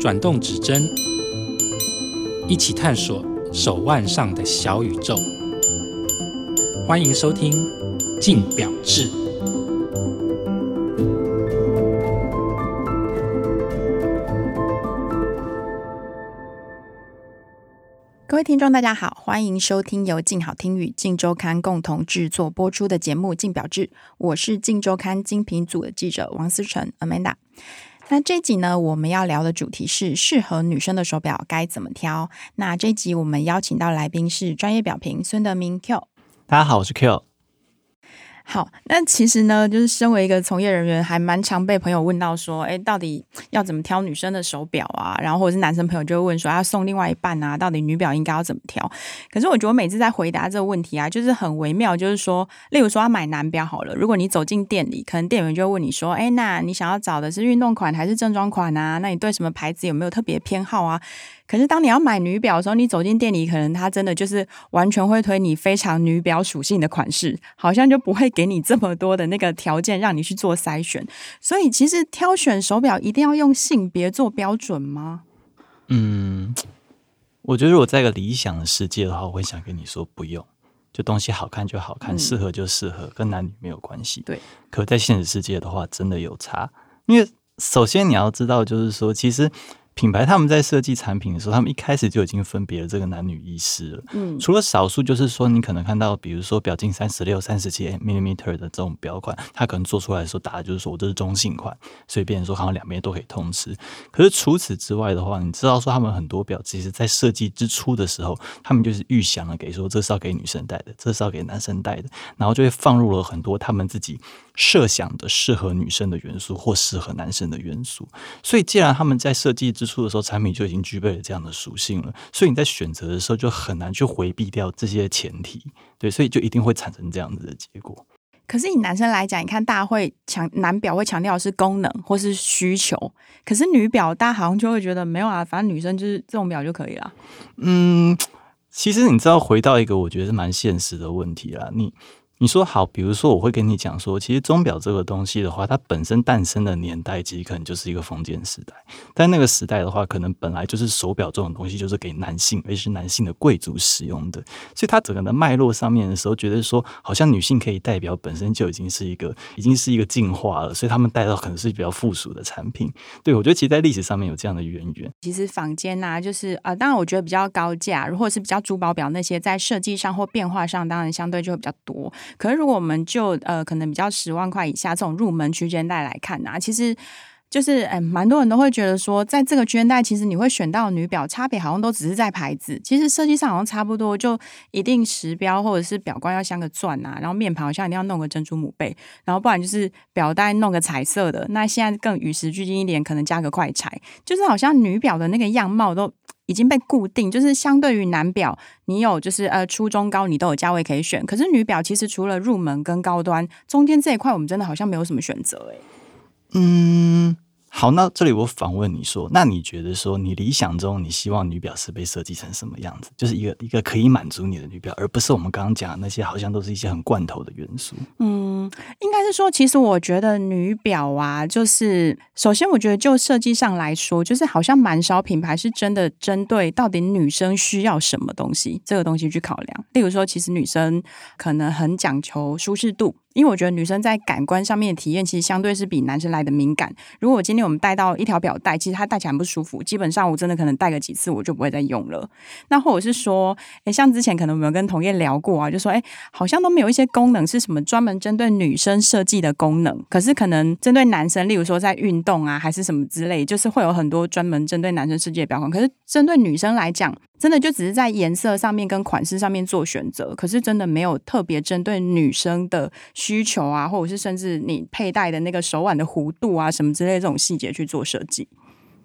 轉動指針，一起探索手腕上的小宇宙。歡迎收聽《鏡錶誌》。各位聽眾，大家好，歡迎收聽由鏡好聽與鏡週刊共同製作播出的節目《鏡錶誌》，我是鏡週刊精品組的記者王思成 Amanda。那這一集呢，我們要聊的主題是適合女生的手錶該怎麼挑。那這一集我們邀請到來賓是專業錶評孫德明 Kyo。大家好，我是 Kyo。好，那其實呢，就是身為一個從業人員，還蠻常被朋友問到說，誒，到底要怎麼挑女生的手錶啊？然後或者是男生朋友就會問說，要送另外一半啊，到底女錶應該要怎麼挑？可是我覺得每次在回答這個問題啊，就是很微妙，就是說，例如說要買男錶好了，如果你走進店裡，可能店員就會問你說，誒，那你想要找的是運動款還是正裝款啊？那你對什麼牌子有沒有特別偏好啊？可是，當你要買女錶的時候，你走進店裡，可能他真的就是完全會推你非常女錶屬性的款式，好像就不會給你這麼多的那個條件讓你去做篩選。所以，其實挑選手錶一定要用性別做標準嗎？嗯，我覺得如果在一個理想的世界的話，我會想跟你說不用，就東西好看就好看，嗯，適合就適合，跟男女沒有關係。對，可在現實世界的話，真的有差。因為首先你要知道，就是說其實。品牌他們在設計產品的時候，他們一開始就已經分別了這個男女意識了。嗯，除了少數，就是說你可能看到，比如說錶徑三十六、三十七毫米的這種錶款，它可能做出來的時候打的就是說我這是中性款，所以變成說好像兩邊都可以通吃。可是除此之外的話，你知道說他們很多錶其實，在設計之初的時候，他們就是預想了給說這是要給女生戴的，這是要給男生戴的，然後就會放入了很多他們自己，設想的適合女生的元素或適合男生的元素，所以既然他們在設計之初的時候，產品就已經具備了這樣的屬性了，所以你在選擇的時候就很難去迴避掉這些前提，對，所以就一定會產生這樣子的結果。可是以男生來講，你看大會強男錶會強調的是功能或是需求，可是女錶大家好像就會覺得沒有啊，反正女生就是這種錶就可以了。嗯，其實你知道，回到一個我覺得是蠻現實的問題啦，你。你說好，比如說我會跟你講說，其實鐘錶這個東西的話，它本身誕生的年代其實可能就是一個封建時代。但那個時代的話，可能本來就是手錶這種東西就是給男性，尤其是男性的貴族使用的。所以它整個的脈絡上面的時候，覺得說好像女性可以代表本身就已經是一個，已經是一個進化了。所以他們帶到可能是比較附屬的產品。對，我覺得其實在歷史上面有這樣的淵源，源。其實坊間吶、啊，就是啊、呃，當然我覺得比較高價，如果是比較珠寶錶那些，在設計上或變化上，當然相對就會比較多。可是，如果我們就呃，可能比較十萬塊以下這種入門區間帶來看呢、啊，其實就是哎，蠻、欸、多人都會覺得說，在這個區間帶，其實你會選到女錶，差別好像都只是在牌子。其實設計上好像差不多，就一定時標或者是錶冠要鑲個鑽啊，然後面盤好像一定要弄個珍珠母貝，然後不然就是錶帶弄個彩色的。那現在更與時俱進一點，可能加個快拆，就是好像女錶的那個樣貌都，已經被固定，就是相對於男錶，你有就是呃，初中高你都有價位可以選。可是女錶其實除了入門跟高端，中間這一塊我們真的好像沒有什麼選擇誒、欸。嗯。好，那這裡我反問你說，那你覺得說，你理想中你希望女表是被設計成什麼樣子？就是一個一個可以滿足你的女表，而不是我們剛剛講的那些好像都是一些很罐頭的元素。嗯，應該是說，其實我覺得女表啊，就是首先我覺得就設計上來說，就是好像蠻少品牌是真的針對到底女生需要什麼東西，這個東西去考量。例如說，其實女生可能很講求舒適度。因為我覺得女生在感官上面的體驗其實相對是比男生來的敏感。如果我今天我們帶到一條錶帶，其實它戴起來很不舒服，基本上我真的可能戴個幾次我就不會再用了。那或者是說，誒，像之前可能我們跟同業聊過啊，就說哎，好像都沒有一些功能是什麼專門針對女生設計的功能。可是可能針對男生，例如說在運動啊還是什麼之類，就是會有很多專門針對男生設計的錶款。可是針對女生來講，真的就只是在顏色上面跟款式上面做選擇，可是真的沒有特別針對女生的需求啊，或者是甚至你佩戴的那個手腕的弧度啊，什麼之類的這種細節去做設計。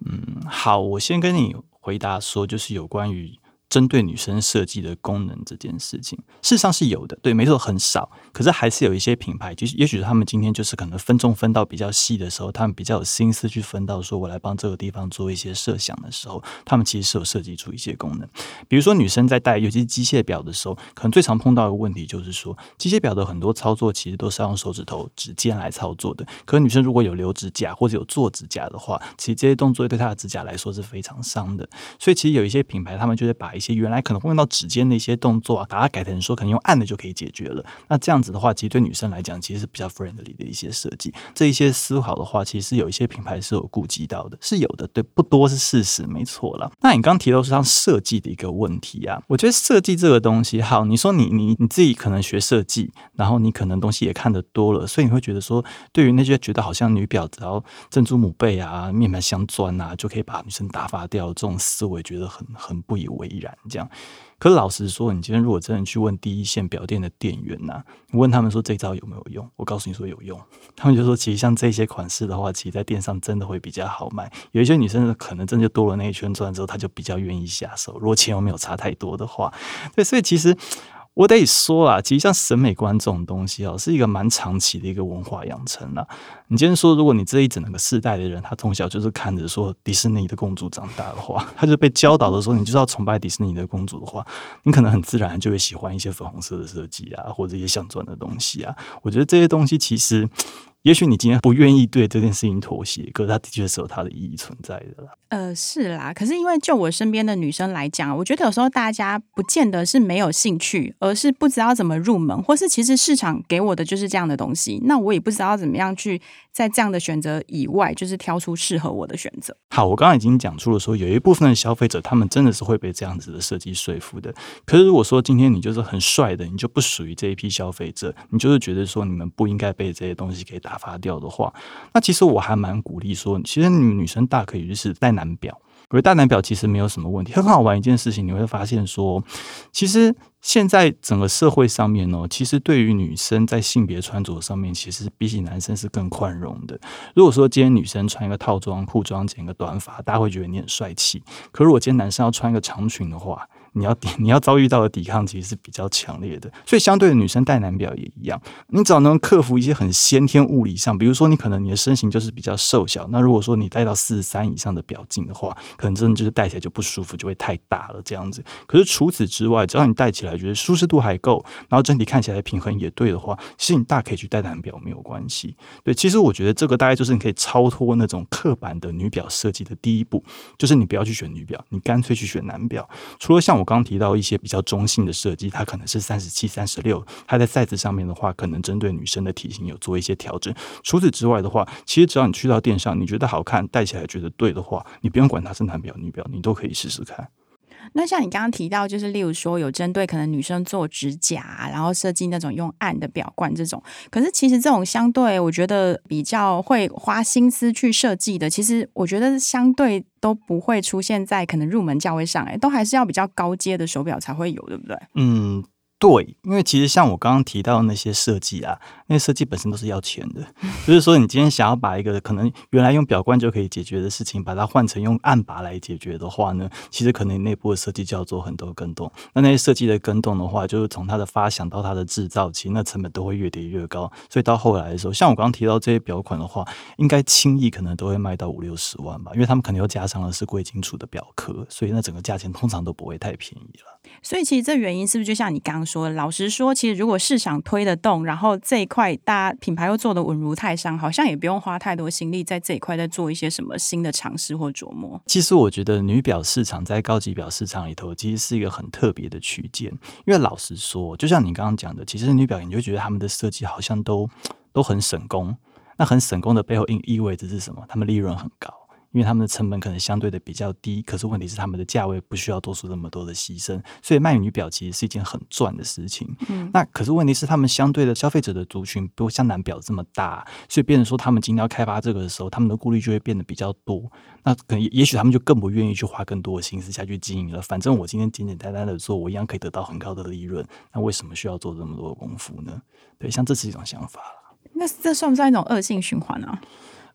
嗯，好，我先跟你回答說，就是有關於。針對女生設計的功能這件事情，事實上是有的，對，沒錯，很少。可是還是有一些品牌，其實也許他們今天就是可能分眾分到比較細的時候，他們比較有心思去分到，說我來幫這個地方做一些設想的時候，他們其實是有設計出一些功能。比如說女生在戴尤其是機械錶的時候，可能最常碰到一個問題就是說，機械錶的很多操作其實都是要用手指頭指尖來操作的。可女生如果有留指甲或者有做指甲的話，其實這些動作對她的指甲來說是非常傷的。所以其實有一些品牌，他們就是把一些原來可能會用到指尖的一些動作啊，把它改成說可能用按的就可以解決了。那這樣子的話，其實對女生來講，其實是比較 friendly 的一些設計。這一些思考的話，其實有一些品牌是有顧及到的，是有的，對，不多是事實，沒錯啦。那你剛剛提到是像設計的一個問題啊，我覺得設計這個東西，好，你說你你你自己可能學設計，然後你可能東西也看得多了，所以你會覺得說，對於那些覺得好像女錶只要珍珠母貝啊、面盤鑲鑽啊，就可以把女生打發掉這種思維，覺得很很不以為然。這樣，可是老實說，你今天如果真的去問第一線錶店的店員吶、啊，問他們說這招有沒有用，我告訴你說有用。他們就說，其實像這些款式的話，其實在店上真的會比較好賣。有一些女生可能真的就多了那一圈鑽之後，她就比較願意下手。如果錢又沒有差太多的話，對，所以其實。我得說啊，其實像審美觀這種東西啊、哦，是一個蠻長期的一個文化養成了、啊。你今天說，如果你這一整個世代的人，他從小就是看着說迪士尼的公主長大的話，他就被教導的時候，你就是要崇拜迪士尼的公主的話，你可能很自然就會喜歡一些粉紅色的設計啊，或者一些鑲鑽的東西啊。我覺得這些東西其實。也許你今天不願意對這件事情妥協，可是它的確是有它的意義存在的啦。呃，是啦，可是因為就我身邊的女生來講，我覺得有時候大家不見得是沒有興趣，而是不知道怎麼入門，或是其實市場給我的就是這樣的東西，那我也不知道怎麼樣去。在這樣的選擇以外，就是挑出適合我的選擇。好，我剛剛已經講出了說，有一部分的消費者，他們真的是會被這樣子的設計說服的。可是如果說今天你就是很帥的，你就不屬於這一批消費者，你就是覺得說你們不應該被這些東西給打發掉的話，那其實我還蠻鼓勵說，其實女女生大可以就是戴男表。可是戴男錶其實沒有什麼問題，很好玩一件事情，你會發現說，其實現在整個社會上面呢，其實對於女生在性別穿着上面，其實比起男生是更寬容的。如果說今天女生穿一個套裝、褲裝、剪一個短髮，大家會覺得你很帥氣；可如果今天男生要穿一個長裙的話，你要你要遭遇到的抵抗其實是比較強烈的，所以相對的女生戴男錶也一樣。你只要能克服一些很先天物理上，比如說你可能你的身形就是比較瘦小，那如果說你戴到四十三以上的錶徑的話，可能真的就是戴起來就不舒服，就會太大了這樣子。可是除此之外，只要你戴起來覺得舒適度還夠，然後整體看起來的平衡也對的話，其實你大可以去戴男錶沒有關係。對，其實我覺得這個大概就是你可以超脫那種刻板的女錶設計的第一步，就是你不要去選女錶，你乾脆去選男錶。除了像我我剛提到一些比較中性的設計，它可能是三十七、三十六。它在 size 上面的話，可能針對女生的體型有做一些調整。除此之外的話，其實只要你去到店上，你覺得好看、戴起來覺得對的話，你不用管它是男表、女表，你都可以試試看。那像你剛剛提到，就是例如說有針對可能女生做指甲，啊，然後設計那種用暗的錶冠這種，可是其實這種相對我覺得比較會花心思去設計的，其實我覺得相對都不會出現在可能入門價位上，欸，哎，都還是要比較高階的手錶才會有，對不對？嗯。對，因為其實像我剛剛提到那些設計啊，那些設計本身都是要錢的。 就是說，你今天想要把一個可能原來用表冠就可以解決的事情，把它換成用按把來解決的話呢，其實可能內部的設計就要做很多更動。那那些設計的更動的話，就是從它的發想到它的製造，其實那成本都會越疊越高。所以到後來的時候，像我剛剛提到這些表款的話，應該輕易可能都會賣到五六十萬吧，因為他們可能又加上了是貴金屬的表殼，所以那整個價錢通常都不會太便宜了。所以其實這原因是不是就像你剛剛說的？老實說，其實如果市場推得動，然後這一塊大家品牌又做得穩如泰山，好像也不用花太多心力在這一塊，再做一些什麼新的嘗試或琢磨。其實我覺得女表市場在高級表市場裡頭，其實是一個很特別的區間。因為老實說，就像你剛剛講的，其實女表你就覺得他們的設計好像都都很省工。那很省工的背後，意意味着是什麼？他們利潤很高。因為他們的成本可能相對的比較低，可是問題是他們的價位不需要做出這麼多的犧牲，所以賣女錶其實是一件很賺的事情。嗯，那可是問題是他們相對的消費者的族群不像男錶這麼大，所以變成說他們今天要開發這個的時候，他們的顧慮就會變得比較多。那可能也，也許他們就更不願意去花更多的心思下去經營了。反正我今天簡簡單單的做，我一樣可以得到很高的利潤。那為什麼需要做這麼多的功夫呢？對，像這是一種想法。那這算不算一種惡性循環呢、啊？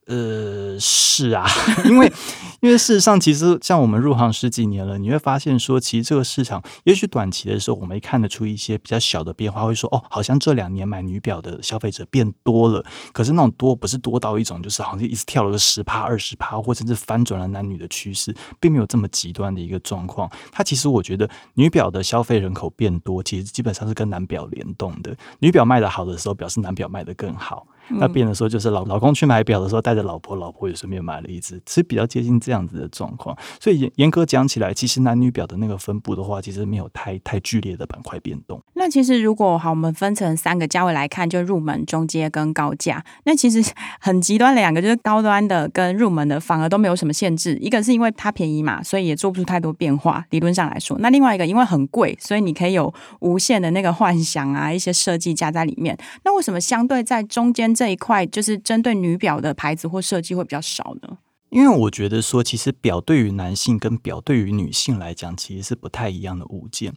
呃，是啊，因為因為事實上，其實像我們入行十幾年了，你會發現說，其實這個市場也許短期的時候，我們看得出一些比較小的變化，會說哦，好像這兩年買女表的消費者變多了。可是那種多不是多到一種，就是好像一次跳了個十趴、二十趴，或甚至翻轉了男女的趨勢，並沒有這麼極端的一個狀況。它其實我覺得，女表的消費人口變多，其實基本上是跟男表聯動的。女表賣得好的時候，表示男表賣得更好。那變成說，就是老老公去買錶的時候帶着老婆，老婆也順便買了一隻，其實比較接近這樣子的狀況。所以嚴嚴格講起來，其實男女錶的那個分布的話，其實沒有太太劇烈的板塊變動。那其實如果好，我們分成三個價位來看，就入門、中階跟高價。那其實很極端兩個，就是高端的跟入門的，反而都沒有什麼限制。一個是因為它便宜嘛，所以也做不出太多變化，理論上來說。那另外一個因為很貴，所以你可以有無限的那個幻想啊，一些設計加在裡面。那為什麼相對在中間？這一塊就是針對女表的牌子或設計會比較少呢，因為我覺得說，其實表對於男性跟表對於女性來講，其實是不太一樣的物件。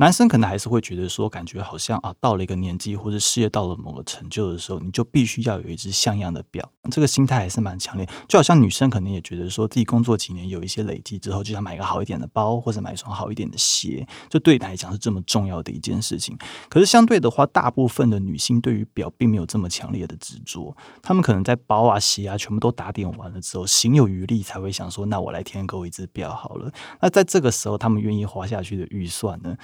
男生可能還是會覺得說，感覺好像啊，到了一個年紀或者事業到了某個成就的時候，你就必須要有一隻像樣的表，這個心態還是蠻強烈。就好像女生可能也覺得說自己工作幾年有一些累積之後，就想買個好一點的包或者買一雙好一點的鞋，這對你來講是這麼重要的一件事情。可是相對的話，大部分的女性對於表並沒有這麼強烈的執着，她們可能在包啊、鞋啊全部都打點完了之後，行有餘力才會想說，那我來添購一隻表好了。那在這個時候，她們願意花下去的預算呢？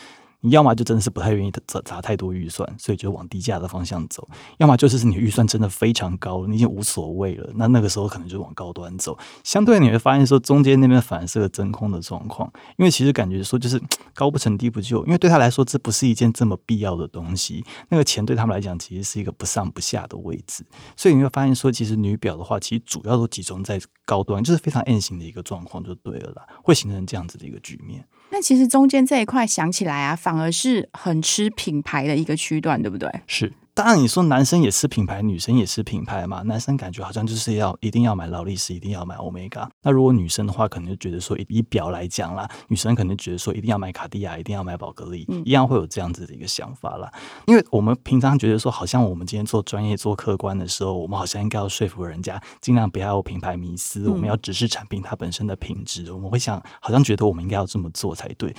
你要麼就真的是不太願意砸砸太多預算，所以就往低價的方向走；要麼就是你預算真的非常高，你已經無所謂了，那那個時候可能就往高端走。相對你會發現說，中間那邊反而是個真空的狀況，因為其實感覺說就是高不成低不就，因為對他來說這不是一件這麼必要的東西。那個錢對他們來講其實是一個不上不下的位置，所以你會發現說，其實女錶的話其實主要都集中在高端，就是非常 M 型的一個狀況就對了啦，會形成這樣子的一個局面。那其實中間這一塊想起來啊，反而是很吃品牌的一個區段，對不對？是，當然你說男生也吃品牌，女生也吃品牌嘛，男生感覺好像就是要一定要買勞力士，一定要買歐米伽。那如果女生的話，可能就覺得說以表來講啦，女生可能覺得說一定要買卡地亞，一定要買寶格麗，嗯、一樣會有這樣子的一個想法啦。因為我們平常覺得說，好像我們今天做專業、做客觀的時候，我們好像應該要說服人家，盡量不要有品牌迷思，我們要只是產品它本身的品質。嗯、我們會想，好像覺得我們應該要這麼做才對。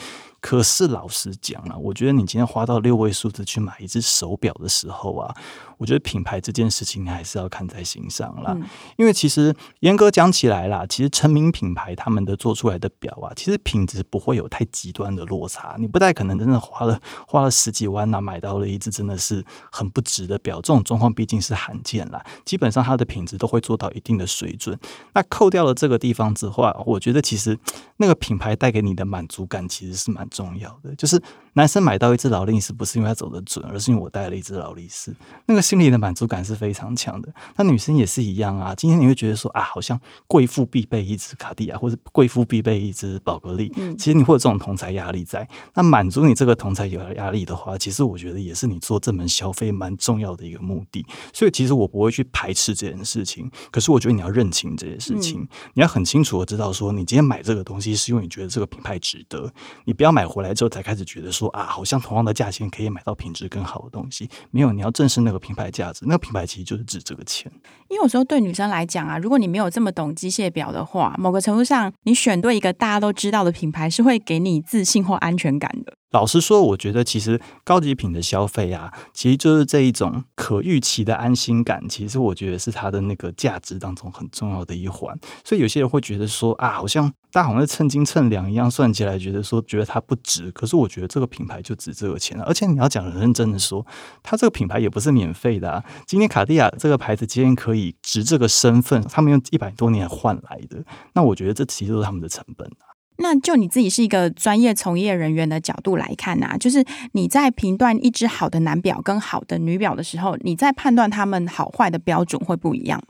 可是老實講啊，我覺得你今天花到六位數字去買一只手錶的時候啊。我覺得品牌這件事情還是要看在心上啦，因為其實嚴格講起來啦，其實成名品牌他們的做出來的錶啊，其實品質不會有太極端的落差，你不太可能真的花了花了十幾萬吶、啊、買到了一隻真的是很不值的錶，這種狀況畢竟是罕見啦。基本上它的品質都會做到一定的水準。那扣掉了這個地方之後、啊，我覺得其實那個品牌帶給你的滿足感其實是蠻重要的，就是。男生買到一隻勞力士，不是因為他走的準，而是因為我帶了一隻勞力士，那個心理的滿足感是非常強的。那女生也是一樣啊。今天你會覺得說啊，好像貴婦必備一隻卡地亞，或者貴婦必備一隻寶格麗。嗯、其實你會有這種同儕壓力在，那滿足你這個同儕有壓力的話，其實我覺得也是你做這門消費蠻重要的一個目的。所以其實我不會去排斥這件事情，可是我覺得你要認清這件事情，嗯、你要很清楚的知道說，你今天買這個東西是因為你覺得這個品牌值得，你不要買回來之後才開始覺得說。啊，好像同樣的價錢可以買到品質更好的東西，沒有？你要正視那個品牌價值，那個品牌其實就是值這個錢。因為有時候對女生來講啊，如果你沒有這麼懂機械錶的話，某個程度上，你選對一個大家都知道的品牌，是會給你自信或安全感的。老實說，我覺得其實高級品的消費啊，其實就是這一種可預期的安心感。其實我覺得是它的那個價值當中很重要的一環。所以有些人會覺得說啊，好像大紅好像在稱斤稱兩一樣算起來，覺得說覺得它不值。可是我覺得這個品牌就值這個錢了，啊。而且你要講很認真的說，它這個品牌也不是免費的，啊。今天卡地亞這個牌子，竟然可以值這個身份，他們用一百多年換來的，那我覺得這其實是他們的成本、啊那就你自己是一個專業從業人員的角度來看吶、啊，就是你在評斷一只好的男錶跟好的女錶的時候，你在判斷他們好壞的標準會不一樣嗎？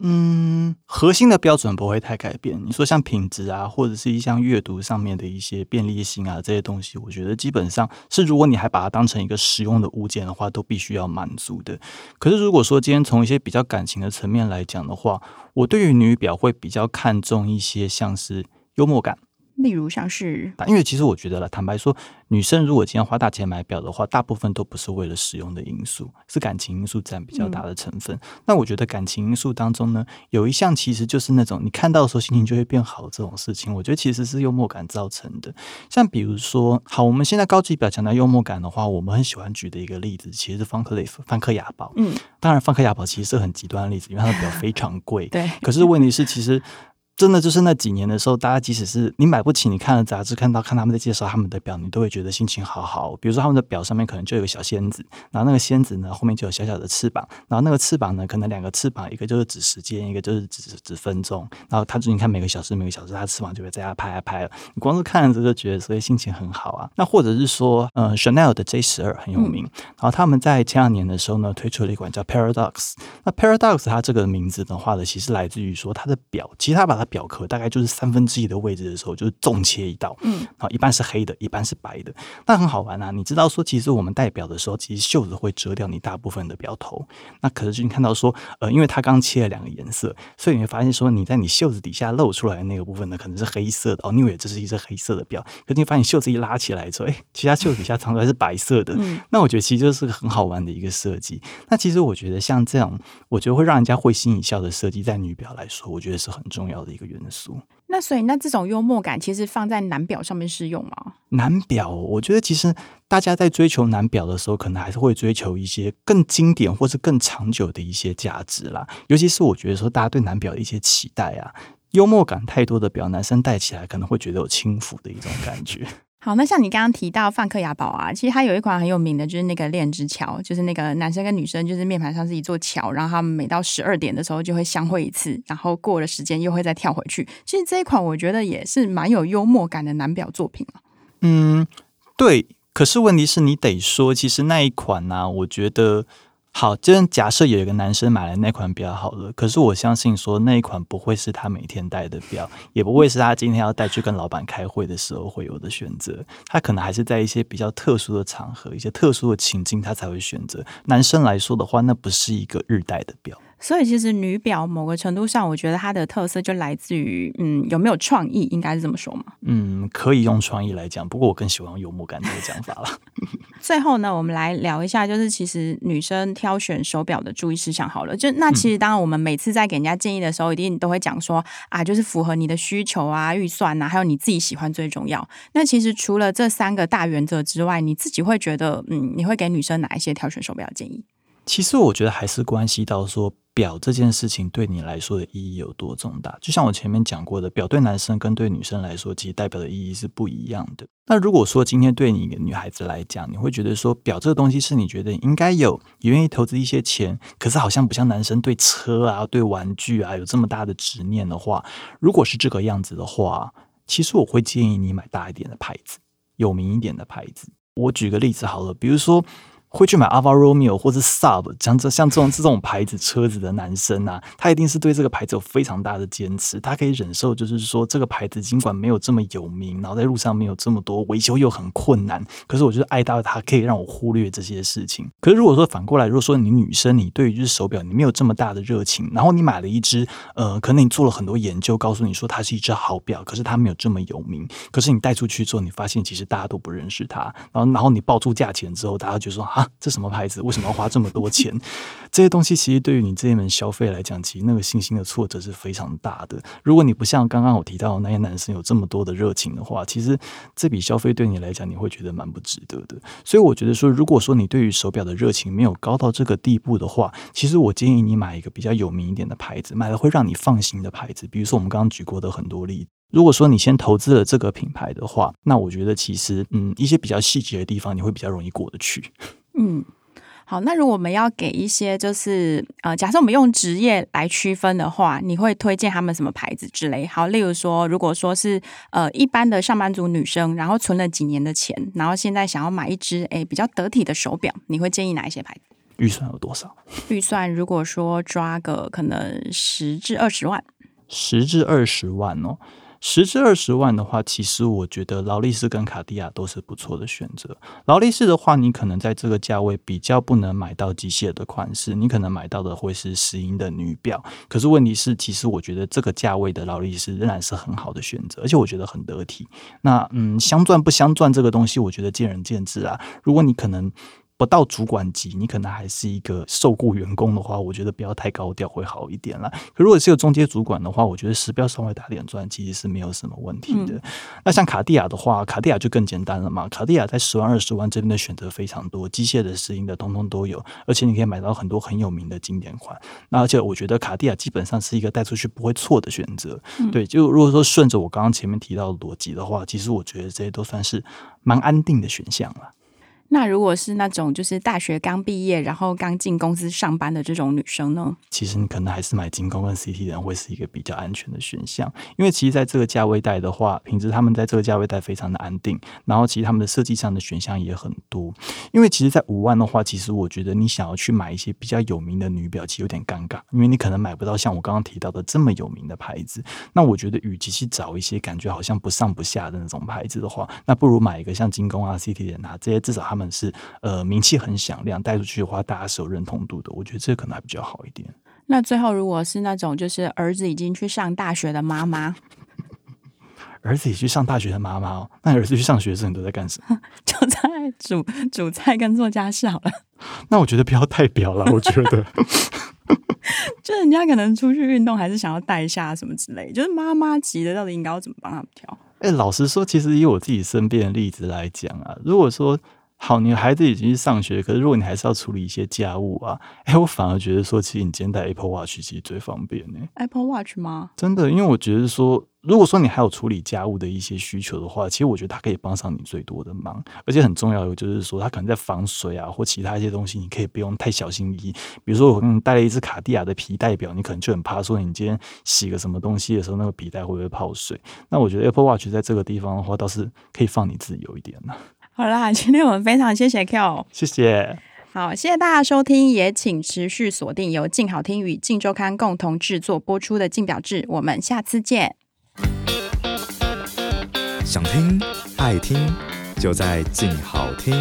嗯，核心的標準不會太改變。你說像品質啊，或者是一項閱讀上面的一些便利性啊，這些東西，我覺得基本上是，如果你還把它當成一個實用的物件的話，都必須要滿足的。可是如果說今天從一些比較感情的層面來講的話，我對於女錶會比較看重一些，像是幽默感。例如像是，因為其實我覺得了，坦白說，女生如果今天花大錢買錶的話，大部分都不是為了使用的因素，是感情因素佔比較大的成分。嗯、那我覺得感情因素當中呢，有一項其實就是那種你看到的時候心情就會變好這種事情。我覺得其實是幽默感造成的。像比如說，好，我們現在高級錶強調幽默感的話，我們很喜歡舉的一個例子，其實是梵克雷夫、梵克雅寶，嗯，當然梵克雅寶其實是很極端的例子，因為它的錶非常貴。 對，可是問題是其實。真的就是那幾年的時候，大家即使是你買不起，你看了雜誌，看到看到他們在介紹他們的錶，你都會覺得心情好好、喔。比如說他們的錶上面可能就有一個小仙子，然後那個仙子呢後面就有小小的翅膀，然後那個翅膀呢可能兩個翅膀，一個就是指時間，一個就是指指分鐘。然後它你看每個小時每個小時，它翅膀就會在家拍啊拍了。你光是看了這個，覺得所以心情很好啊。那或者是說，呃、嗯，Chanel 的 J 十二很有名，然後他們在前兩年的時候呢推出了一款叫 Paradox。那 Paradox 它這個名字的話呢，其實來自於說它的錶，其實它把它。表殼大概就是三分之一的位置的時候，就是重切一道，嗯，啊，一半是黑的，一半是白的，那很好玩啊。你知道說，其實我們戴表的時候，其實袖子會遮掉你大部分的表頭。那可是就你看到說，呃，因為它剛切了兩個顏色，所以你會發現說，你在你袖子底下露出來的那個部分呢，可能是黑色的哦，你以為這是一隻黑色的表，可是你發現你袖子一拉起來之後，誒、哎，其他袖子底下藏出來是白色的。嗯，那我覺得其實就是個很好玩的一個設計。那其實我覺得像這樣，我覺得會讓人家會心一笑的設計，在女表來說，我覺得是很重要的一個。一一個元素，那所以，那這種幽默感其實放在男錶上面適用嗎？男錶，我覺得其實大家在追求男錶的時候，可能還是會追求一些更經典或者更長久的一些價值啦。尤其是我覺得說，大家對男錶的一些期待啊，幽默感太多的錶，男生戴起來可能會覺得有輕浮的一種感覺。 好，那像你剛剛提到梵克雅寶啊，其實它有一款很有名的，就是那個戀之橋，就是那個男生跟女生，就是面盤上是一座橋，然後他們每到十二點的時候就會相會一次，然後過了時間又會再跳回去。其實這一款我覺得也是蠻有幽默感的男表作品啊。嗯，對。可是問題是你得說，其實那一款啊，我覺得。好，就假設有一個男生買了那款比較好的，可是我相信說那一款不會是他每天戴的錶，也不會是他今天要帶去跟老闆開會的時候會有的選擇。他可能還是在一些比較特殊的場合、一些特殊的情境，他才會選擇。男生來說的話，那不是一個日戴的錶。所以其實女錶某個程度上，我覺得它的特色就來自於，嗯，有沒有創意，應該是這麼說嘛？嗯，可以用創意來講，不過我更喜歡幽默感這個講法了。 最後呢，我們來聊一下，就是其實女生挑選手錶的注意事項好了。就那其實當然，我們每次在給人家建議的時候，一定都會講說、嗯、啊，就是符合你的需求啊、預算啊，還有你自己喜歡最重要。那其實除了這三個大原則之外，你自己會覺得，嗯，你會給女生哪一些挑選手錶建議？其實我覺得還是關係到說，錶這件事情對你來說的意義有多重大。就像我前面講過的，錶對男生跟對女生來說，其實代表的意義是不一樣的。那如果說今天對你一個女孩子來講，你會覺得說，錶這個東西是你覺得你應該有，也願意投資一些錢，可是好像不像男生對車啊、對玩具啊有這麼大的執念的話，如果是這個樣子的話，其實我會建議你買大一點的牌子，有名一點的牌子。我舉個例子好了，比如說。會去買 Alfa Romeo 或是 Sub，像這像這種這種牌子車子的男生啊,他一定是對這個牌子有非常大的堅持，他可以忍受就是說這個牌子儘管沒有這麼有名，然後在路上沒有這麼多維修又很困難，可是我覺得愛到了他可以讓我忽略這些事情。可是如果說反過來，如果說你女生你對於手錶你沒有這麼大的熱情，然後你買了一只，呃，可能你做了很多研究，告訴你說它是一隻好錶，可是它沒有這麼有名，可是你帶出去之後，你發現其實大家都不認識它，然後然後你報出價錢之後，大家就說啊。這什麼牌子？為什麼要花這麼多錢？這些東西其實對於你這一門消費來講，其實那個信心的挫折是非常大的。如果你不像剛剛我提到那些男生有這麼多的熱情的話，其實這筆消費對你來講，你會覺得蠻不值得的。所以我覺得說，如果說你對於手錶的熱情沒有高到這個地步的話，其實我建議你買一個比較有名一點的牌子，買了會讓你放心的牌子。比如說我們剛剛舉過的很多例子，如果說你先投資了這個品牌的話，那我覺得其實嗯，一些比較細節的地方你會比較容易過得去。嗯，好，那如果我們要給一些就是呃，假設我們用職業來區分的話，你會推薦他們什麼牌子之類？好，例如說，如果說是呃一般的上班族女生，然後存了幾年的錢，然後現在想要買一隻誒比較得體的手錶，你會建議哪一些牌子？預算有多少？預算如果說抓個可能十至二十萬，十至二十萬哦。十至二十萬的話，其實我覺得勞力士跟卡地亞都是不錯的選擇。勞力士的話，你可能在這個價位比較不能買到機械的款式，你可能買到的會是石英的女錶。可是問題是，其實我覺得這個價位的勞力士仍然是很好的選擇，而且我覺得很得體。那嗯，鑲鑽不鑲鑽這個東西，我覺得見仁見智啊。如果你可能。不到主管級，你可能還是一個受雇員工的話，我覺得不要太高調會好一點了。可如果是有中階主管的話，我覺得時標稍微打點鑽，其實是沒有什麼問題的。嗯、那像卡地亞的話，卡地亞就更簡單了嘛。卡地亞在十萬二十萬這邊的選擇非常多，機械的、石英的，通通都有，而且你可以買到很多很有名的經典款。那而且我覺得卡地亞基本上是一個帶出去不會錯的選擇。嗯、對，就如果說順着我剛剛前面提到的邏輯的話，其實我覺得這些都算是蠻安定的選項了。那如果是那種就是大學剛畢業，然後剛進公司上班的這種女生呢？其實你可能還是買精工跟 CT 的人會是一個比較安全的選項，因為其實在這個價位帶的話，品質他們在這個價位帶非常的安定，然後其實他們的設計上的選項也很多。因為其實，在五萬的話，其實我覺得你想要去買一些比較有名的女錶，其實有點尷尬，因為你可能買不到像我剛剛提到的這麼有名的牌子。那我覺得，與其去找一些感覺好像不上不下的那種牌子的話，那不如買一個像精工啊、CT 的啊這些，至少他們。們是呃名氣很響亮，帶出去的話，大家是有認同度的。我覺得這可能還比較好一點。那最後，如果是那種就是兒子已經去上大學的媽媽， 兒子已經去上大學的媽媽哦，那兒子去上學的時候你都在幹什麼？ 就在煮煮菜跟做家事好了。 那我覺得不要太表了，我覺得， 就人家可能出去運動，還是想要帶一下什麼之類。就是媽媽級的，到底應該要怎麼幫他們挑？哎、欸，老實說，其實以我自己身邊的例子來講啊，如果說。好，你孩子已經去上學，可是如果你還是要處理一些家務啊，哎，我反而覺得說，其實你今天帶 Apple Watch 其實最方便呢。Apple Watch 嗎？真的，因為我覺得說，如果說你還有處理家務的一些需求的話，其實我覺得它可以幫上你最多的忙。而且很重要的就是說，它可能在防水啊或其他一些東西，你可以不用太小心翼翼。比如說，我、嗯、給你帶了一隻卡地亞的皮帶錶，你可能就很怕說，你今天洗個什麼東西的時候，那個皮帶會不會泡水？那我覺得 Apple Watch 在這個地方的話，倒是可以放你自由一點呢、啊。好啦，今天我們非常謝謝 Kyo，謝謝，好，謝謝大家收聽，也請持續鎖定由鏡好聽與鏡週刊共同製作播出的《鏡錶誌》，我們下次見。想聽愛聽，就在鏡好聽。